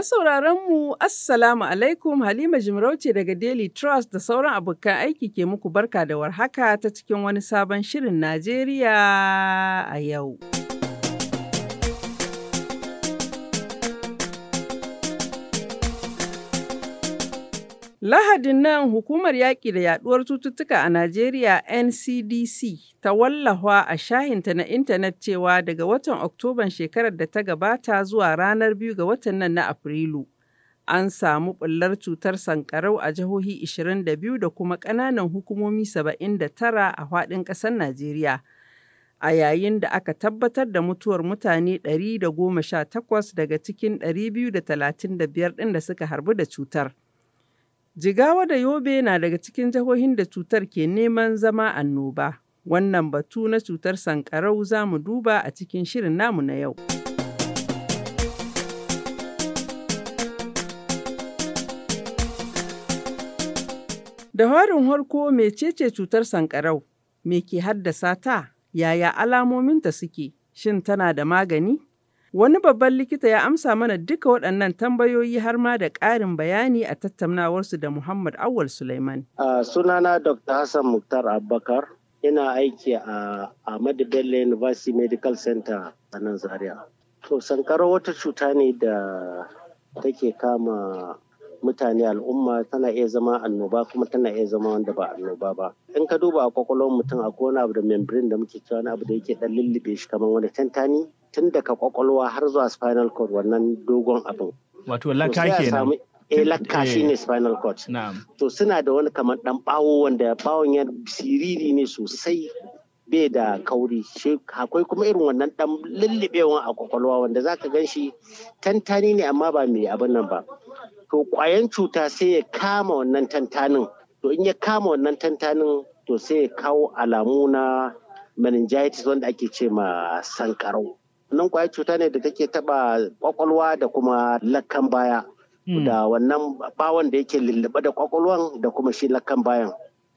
Masu sauraronmu, Assalamu alaikum, Halima Jimarauce daga Daily Trust da sauran abokan aiki ke muku barka da warhaka ta cikin wani sabon shirin Najeriya a yau. Lahadin nan hukumar yaƙi da yaɗuwar cututtuka a Najeriya NCDC ta wallafa a shahinta na intanet cewa daga watan Oktoban shekarar da ta gabata zuwa ranar biyu ga watan nan na Afrilu. An samu ɓullar cutar sankarau a jihohi 22 da kuma ƙananan hukumomi 79 a faɗin ƙasar Najeriya. a yayin da aka tabbatar da mutuwar mutane 118 daga cikin 235 ɗin da suka harbu da cutar. Jigawa da Yobe na daga cikin jihohin da cutar ke neman zama annoba. Wannan batu na cutar sankarau za mu duba a cikin shirin namu na yau. Da harin harko mecece cutar sankarau? Me ke haddasa ta? Yaya alamominta suke? Shin tana da magani? Wani babban likita ya amsa mana duka waɗannan tambayoyi har ma da ƙarin bayani a tattaunawarsu da Muhammad Awal Suleiman. Uh, sunana Dr. Hassan Muktar Abubakar, ina aiki a Ahmadu Bello University Medical Center a nan Zaria. To, sankara wata cuta ne da take kama mutane al'umma tana iya zama annoba kuma tana iya zama wanda ba annoba ba in ka duba a kwakwalwar mutum akwai wani abu da membrane da muke cewa wani abu da yake dan lullube shi kamar wani tantani tun daga kwakwalwa har zuwa spinal cord wannan dogon abin wato laka kenan e lakka ne spinal cord to suna da wani kamar dan bawo wanda bawon ya siriri ne sosai bai da kauri akwai kuma irin wannan dan lullubewan a kwakwalwa wanda zaka gan shi tantani ne amma ba mai abin nan ba to kwayan cuta sai ya kama wannan tantanin to in ya kama wannan tantanin to sai ya kawo alamu na meningitis wanda ake ce ma sankarau nan kwayar cuta ne da take taba kwakwalwa da kuma lakkan baya hmm. da wannan bawon da yake lullube da kwakwalwan da kuma shi lakkan bayan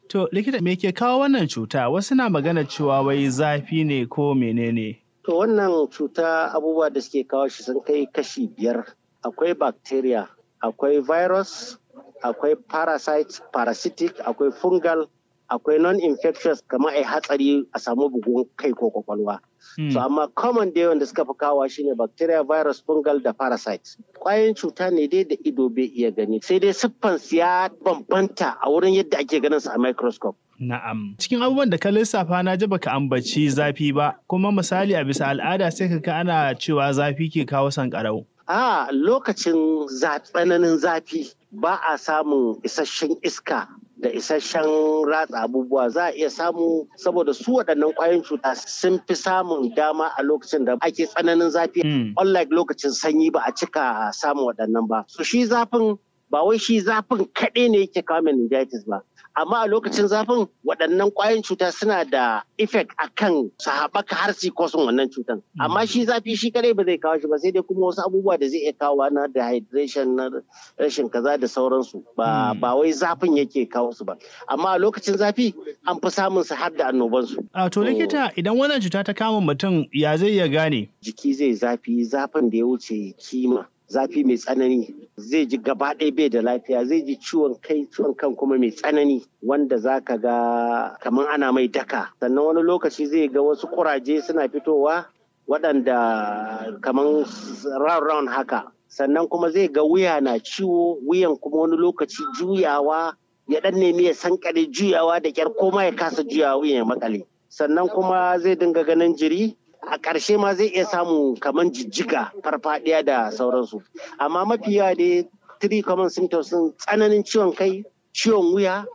to likita me ke kawo wannan cuta wasu na magana cewa wai zafi ne ko menene to wannan cuta abubuwa da suke kawo shi sun kai kashi biyar akwai bacteria akwai virus akwai parasite parasitic akwai fungal akwai non-infectious kamar a hatsari a samu bugun kai ko kwakwalwa So hmm. amma common dai wanda suka fi kawo shine bacteria, virus, fungal da parasites. Kwayoyin cuta ne dai da ido bai iya gani sai dai siffan ya bambanta a wurin yadda ake ganin su a microscope. Na'am. Cikin abubuwan da ka lissafa na ji baka ambaci zafi ba, kuma misali a bisa al'ada sai ka ana cewa zafi ke kawo sankarau. A lokacin tsananin zafi ba a samun isasshen iska da isasshen ratsa abubuwa za a iya samu saboda su waɗannan ƙwayoyin cuta sun fi samun dama a lokacin da ake tsananin zafi hmm. unlike lokacin sanyi ba a cika samun waɗannan ba so shi zafin ba wai shi zafin kaɗai ne yake kawo meningitis ba amma a lokacin zafin waɗannan ƙwayoyin cuta suna da effect akan su haɓaka har su kosun wannan cutan amma shi zafi shi kare ba zai kawo shi ba sai dai kuma wasu abubuwa da zai iya kawo na dehydration na rashin kaza da sauransu ba hmm. ba wai zafin yake kawo su ba amma a lokacin zafi an fi samun su har da annoban su a to likita oh. idan wannan cuta ta kama mutum ya zai ya gane jiki zai zafi zafin da ya wuce kima zafi mai tsanani zai ji gaba ɗaya bai da lafiya zai ji ciwon kai ciwon kan kuma mai tsanani wanda za ka ga kamar ana mai daka sannan wani lokaci zai ga wasu kuraje suna fitowa waɗanda kamar round round haka sannan kuma zai ga wuya na ciwo wuyan kuma wani lokaci juyawa ya dan nemi ya sankare juyawa da kyar koma ya kasa juyawa wuyan ya makale sannan kuma zai dinga ganin jiri a ƙarshe ma zai iya samu kamar jijjiga farfaɗiya da sauransu amma mafi yawa da three common symptoms sun tsananin ciwon kai ciwon wuya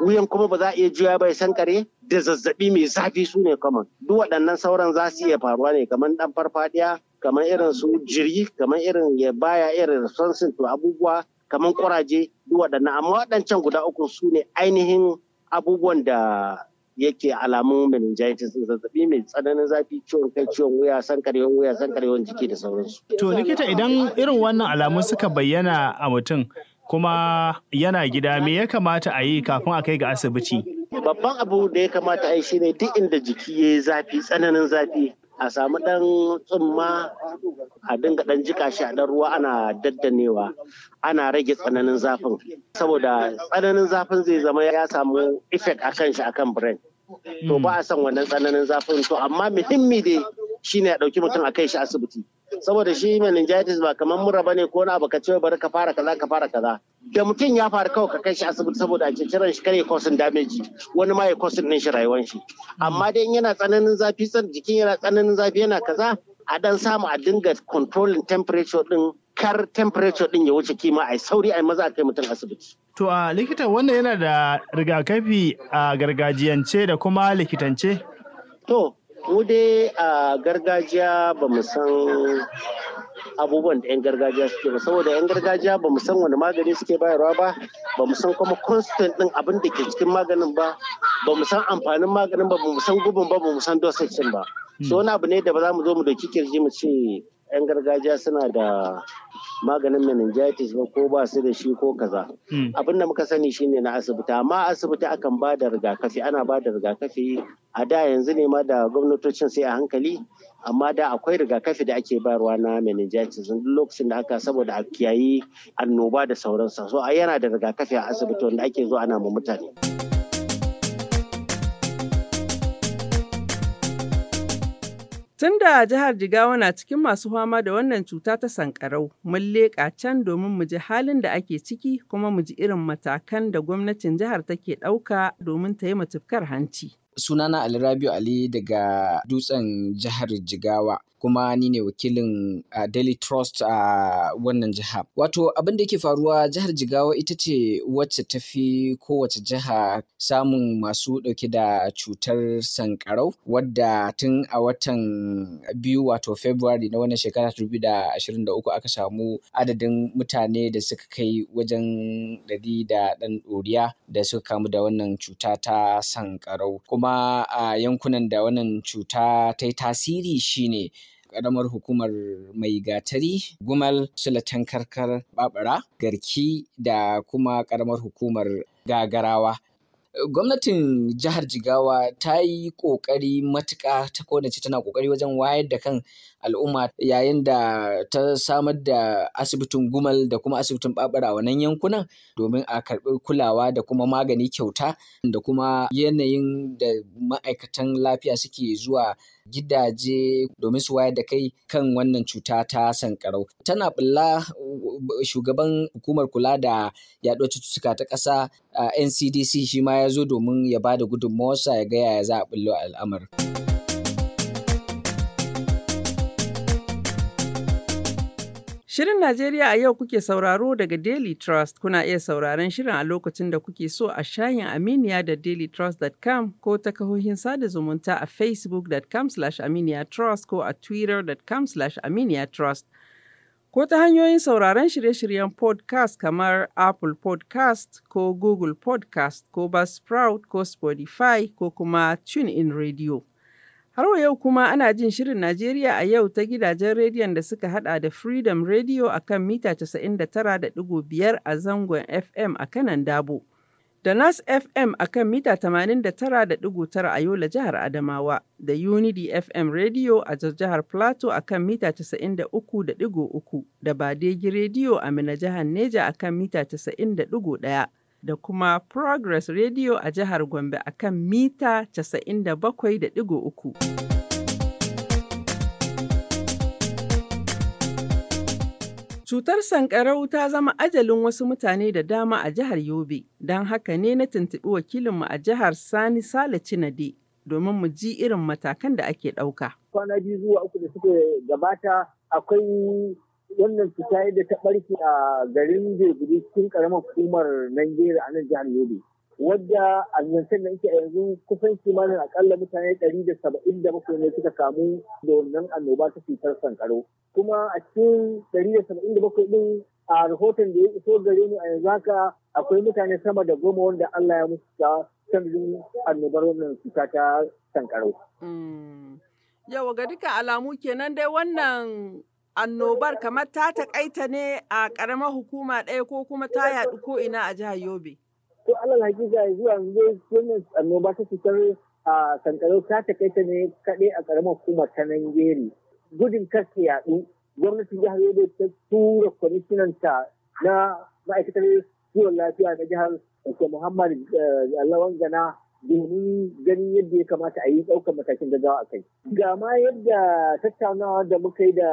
wuyan kuma ba za a iya juya bai san kare da zazzabi mai zafi su ne common duk waɗannan sauran za su iya faruwa ne kamar ɗan farfadiya kamar irin su jiri kamar irin ya baya irin son to abubuwa kamar kuraje duk waɗannan amma waɗancan guda uku su ne ainihin abubuwan da yake alamun meningitis zazzabi mai tsananin zafi ciwon kai ciwon wuya sankarewan wuya sankarewan jiki da sauransu. To likita idan irin wannan alamun suka bayyana a mutum kuma yana gida me ya kamata a yi kafin a kai ga asibiti? Babban abu da ya kamata a yi shine duk inda jiki yayi zafi tsananin zafi a samu ɗan tsumma a dinga ɗan jika shi a ɗan ruwa ana daddanewa ana rage tsananin zafin saboda tsananin zafin zai zama ya samu effect akan shi akan brain to ba a son wannan tsananin zafin to amma muhimmi dai shine a ɗauki mutum a kai shi asibiti saboda shi meningitis ba kamar mura bane ko na baka ce bari ka fara kaza ka fara kaza da mutum ya faru kawai ka kai shi asibiti saboda a cikin shi kare kosin damage wani ma ya kosin din shi rayuwar shi amma dai in yana tsananin zafi san jikin yana tsananin zafi yana kaza a dan samu a dinga controlling temperature din kar temperature din ya wuce kima a sauri a maza kai mutum asibiti. To a likita wannan yana da rigakafi a gargajiyance da kuma likitance? To mu dai a gargajiya ba mu san abubuwan da 'yan gargajiya suke ba saboda 'yan gargajiya ba mu san wani magani suke bayarwa ba ba mu san kuma constant din abin da ke cikin maganin ba ba mu san amfanin maganin ba ba mu san gubin ba ba mu san dosage ba so hmm. wani abu ne da ba za mu zo mu dauki kirji mu ce 'yan gargajiya suna da maganin meningitis ba ko ba su da shi ko kaza hmm. abin da muka sani shine na asibiti amma asibiti akan ba da rigakafi ana ba da rigakafi a da yanzu ne ma da gwamnatocin sai a hankali amma da akwai rigakafi da ake bayarwa na meningitis duk lokacin da aka saboda a kiyayi annoba da sauransa so yana da rigakafi a asibiti wanda ake zo ana ma mutane. tun da jihar Jigawa na cikin masu fama da wannan cuta ta sankarau, mun leƙa can domin mu ji halin da ake ciki kuma mu ji irin matakan da gwamnatin jihar take ɗauka domin ta yi matukar hanci. sunana Ali Rabiu Ali daga dutsen jihar Jigawa. kuma ni ne wakilin uh, Daily Trust a uh, wannan jiha. Wato abin da yake faruwa jihar Jigawa ita ce wacce ta fi kowace jiha samun masu ɗauke da cutar sankarau wadda tun a watan biyu wato February na wannan shekara 2023 aka samu adadin mutane da suka kai wajen ɗari da ɗan ɗoriya da suka kamu da wannan cuta ta sankarau. Kuma a uh, yankunan da wannan cuta ta yi tasiri shine karamar hukumar mai gatari gumal sulatan karkar babara garki da kuma karamar hukumar gagarawa gwamnatin jihar jigawa ta yi ƙoƙari matuƙa ta kodace tana ƙoƙari wajen wayar da kan al'umma yayin da ta samar da asibitin gumal da kuma asibitin babura wannan yankunan domin a karɓi kulawa da kuma magani kyauta da kuma yanayin da ma'aikatan lafiya suke zuwa gidaje domin su wayar da kai kan wannan cuta ta sankarau. Tana bulla uh, shugaban hukumar kula da yaɗuwar cututtuka ta ƙasa uh, NCDC shi ma ya zo domin ya ba da gudunmawarsa ya ga yaya za a bullo al'amarin. Shirin Najeriya a yau kuke sauraro daga Daily Trust. Kuna iya sauraron shirin a lokacin da kuke so a shayin Aminiya da dailytrust.com ko ta kahohin sada zumunta a facebookcom aminiyatrust ko a twittercom aminiyatrust Ko ta hanyoyin sauraron shirye-shiryen podcast kamar Apple podcast ko Google podcast ko Buzzsprout ko Spotify ko kuma TuneIn Radio. Har yau kuma ana jin Shirin Najeriya a yau ta gidajen rediyon da suka hada da Freedom Radio a kan mita 99.5 a zangon FM a kanan Dabo, da Nas FM a kan mita 89.9 a Yola jihar Adamawa, da Unity FM Radio a jihar Plateau a kan mita 93.3, da Badegi Radio a Mina jihar Neja a kan mita 91. da kuma Progress Radio a jihar Gombe a kan mita 97.3. Cutar sankarau ta zama ajalin wasu mutane da dama a jihar Yobe, don haka ne na tuntuɓi wakilinmu a jihar Sani Sale Cinade domin mu ji irin matakan da ake ɗauka. Kwana biyu zuwa uku da suke gabata akwai wannan fita yadda ta barke a garin jirgin cikin karamar hukumar Najeriya a nan jihar Yobe. Wadda a zancen da ake a yanzu kusan kimanin akalla mutane ɗari da saba'in da bakwai ne suka kamu da wannan annoba ta cutar sankaro. Kuma a cikin ɗari da saba'in da bakwai ɗin a rahoton da ya iso gare ni a yanzu haka akwai mutane sama da goma wanda Allah ya musu ta sanadin annobar wannan cuta ta sankaro. Mm. Yawa ga duka alamu kenan dai wannan annobar kamar ta takaita ne a ƙaramar hukuma ɗaya ko kuma ta yaɗu ko ina a jihar Yobe? To Allah hakika zuwa yanzu wannan annoba ta cutar a kankare ta takaita ne kaɗai a ƙaramar hukuma ta Nangeri. Gudun kar ta yaɗu gwamnatin jihar Yobe ta tura ta na ma'aikatar kiwon lafiya na jihar Muhammad eh, Lawan Gana domin ganin yadda ya kamata a yi ɗaukar matakin gaggawa a kai. Ga ma yadda tattaunawa da muka yi da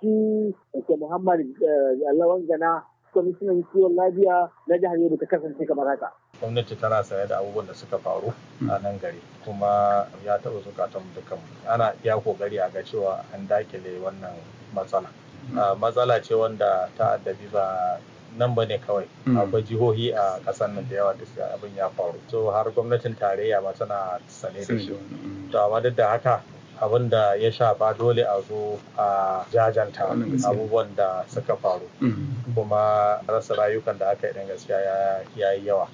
shi da Muhammad eh, Lawan Gana kwamishinan kiwon lafiya na jihar Yobe ta kasance kamar haka. Gwamnati tana saye da abubuwan da suka faru hmm. a nan gari kuma ya taɓa zukatan dukan ana iya kokari a ga cewa an dakile wannan matsala. Hmm. Ah, matsala ce wanda ta addabi ba nan ba ne kawai hmm. akwai jihohi a ƙasar nan da yawa da abin ya faru to har gwamnatin tarayya ba tana sane da shi hmm. to amma duk da haka abin da ya shafa dole a zo a jajanta abubuwan da suka faru hmm. kuma rasa rayukan da aka yi dan gaskiya ya yi yawa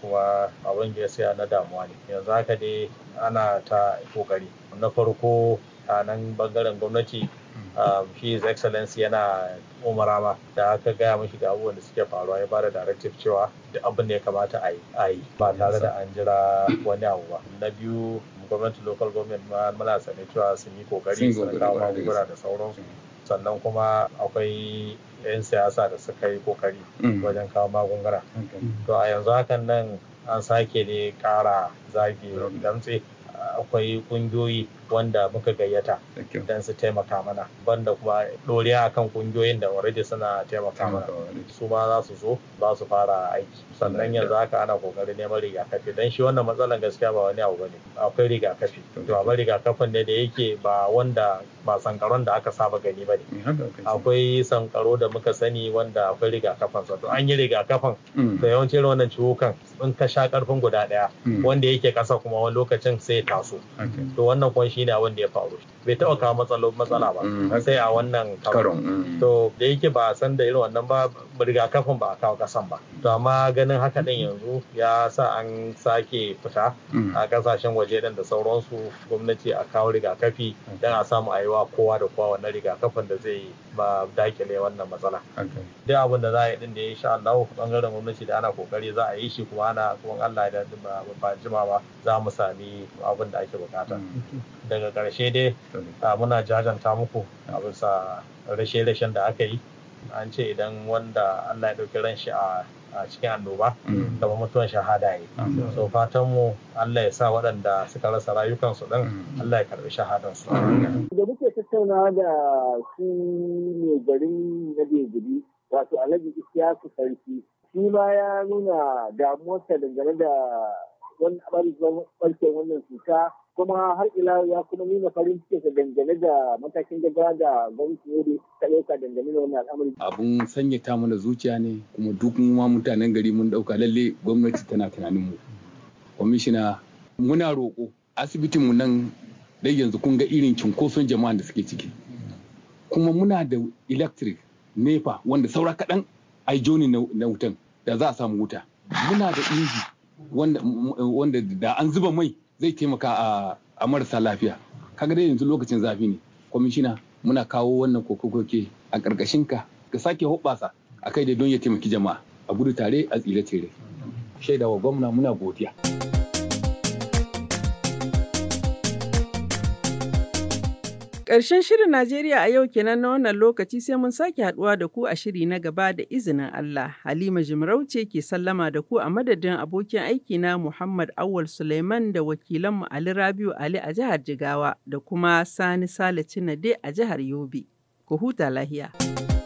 kuma abin gaskiya na damuwa ne yanzu haka dai ana ta kokari na farko a nan bangaren gwamnati hmm. ah, shi is excellence yana umarama da aka gaya mashi da abubuwan da suke faruwa ya bada directive cewa Da abin da ya kamata a yi ba tare da an jira wani abu ba na biyu gwamnati local government ma muna sane cewa sun yi kokari su kawo magunguna da sauransu sannan kuma akwai 'yan siyasa da suka yi kokari hmm. wajen kawo magunguna to a yanzu hakan nan an sake ne kara zage hmm. damtse akwai kungiyoyi wanda muka gayyata don su taimaka mana banda kuma doriya kan kungiyoyin da already suna taimaka mana su ma za su zo za su fara aiki sannan yanzu haka ana kokarin neman rigakafi don shi wannan matsalan gaskiya ba wani abu bane akwai rigakafi to amma rigakafin ne da yake ba wanda ba sankaron da aka saba gani bane eh, akwai sankaro da muka sani wanda akwai rigakafin sa to an yi rigakafin da mm. yawancin wannan ciwukan in ka sha karfin guda daya mm. wanda yake kasa kuma wani lokacin sai ya taso to wannan kuma shi shine abin da ya faru bai taɓa kawo matsala ba mm. sai a wannan karon mm. to da yake ba a san da irin wannan ba rigakafin ba a kawo kasan ba to amma ganin haka din yanzu ya sa an sake fita mm. a kasashen waje dan da sauransu gwamnati a kawo rigakafi don a samu aiwa kowa da kowa wannan rigakafin da zai ba dakile wannan matsala duk abin da za a yi din da ya sha Allah bangaren gwamnati da ana kokari za a yi shi kuma ana kuma Allah ya da ba jima ba za mu sami abin da ake bukata daga ƙarshe dai muna jajanta muku a bisa rashe-rashen da aka yi an ce idan wanda allah ya ɗauki ran shi a cikin annoba da mm. mutuwan shahada yi so fatan mu Allah ya sa waɗanda suka rasa rayukansu ɗin mm. Allah ya karɓi shahadansu. da muke tattaunawa da shi ne garin na Bejiri wato Alhaji su Sarki shi ma ya nuna damuwarsa dangane da wani wannan ɓarke wannan cuta kuma har ila ya kuma nuna farin ciki da dangane da matakin gaggawa da gwamnati ne ta dauka dangane da wannan al'amari. Abun sanyata mana zuciya ne kuma duk ma mutanen gari mun ɗauka lalle gwamnati tana tunanin mu. Kwamishina muna roƙo asibitin mu nan dai yanzu kun ga irin cinkoson jama'an da suke ciki. Kuma muna da electric nepa wanda saura kaɗan a joni na wutan da za a samu wuta. Muna da inji wanda da an zuba mai zai taimaka a marasa lafiya kaga dai yanzu lokacin zafi ne kwamishina muna kawo wannan koke-koke a ƙarƙashin ka ka sake hoɓasa a kai da don ya taimaki jama'a a gudu tare a tsire tare shaidawa gwamna muna godiya. Ƙarshen shirin Najeriya a yau kenan na wannan lokaci sai mun sake haduwa da ku a shiri na gaba da izinin Allah. Halima Jimarauce ke sallama da ku a madadin abokin aiki na Muhammad Awal Suleiman da wakilanmu Ali Rabiu Ali a jihar Jigawa da kuma Sani Sale Nade a jihar Yobe. Ku huta lahiya.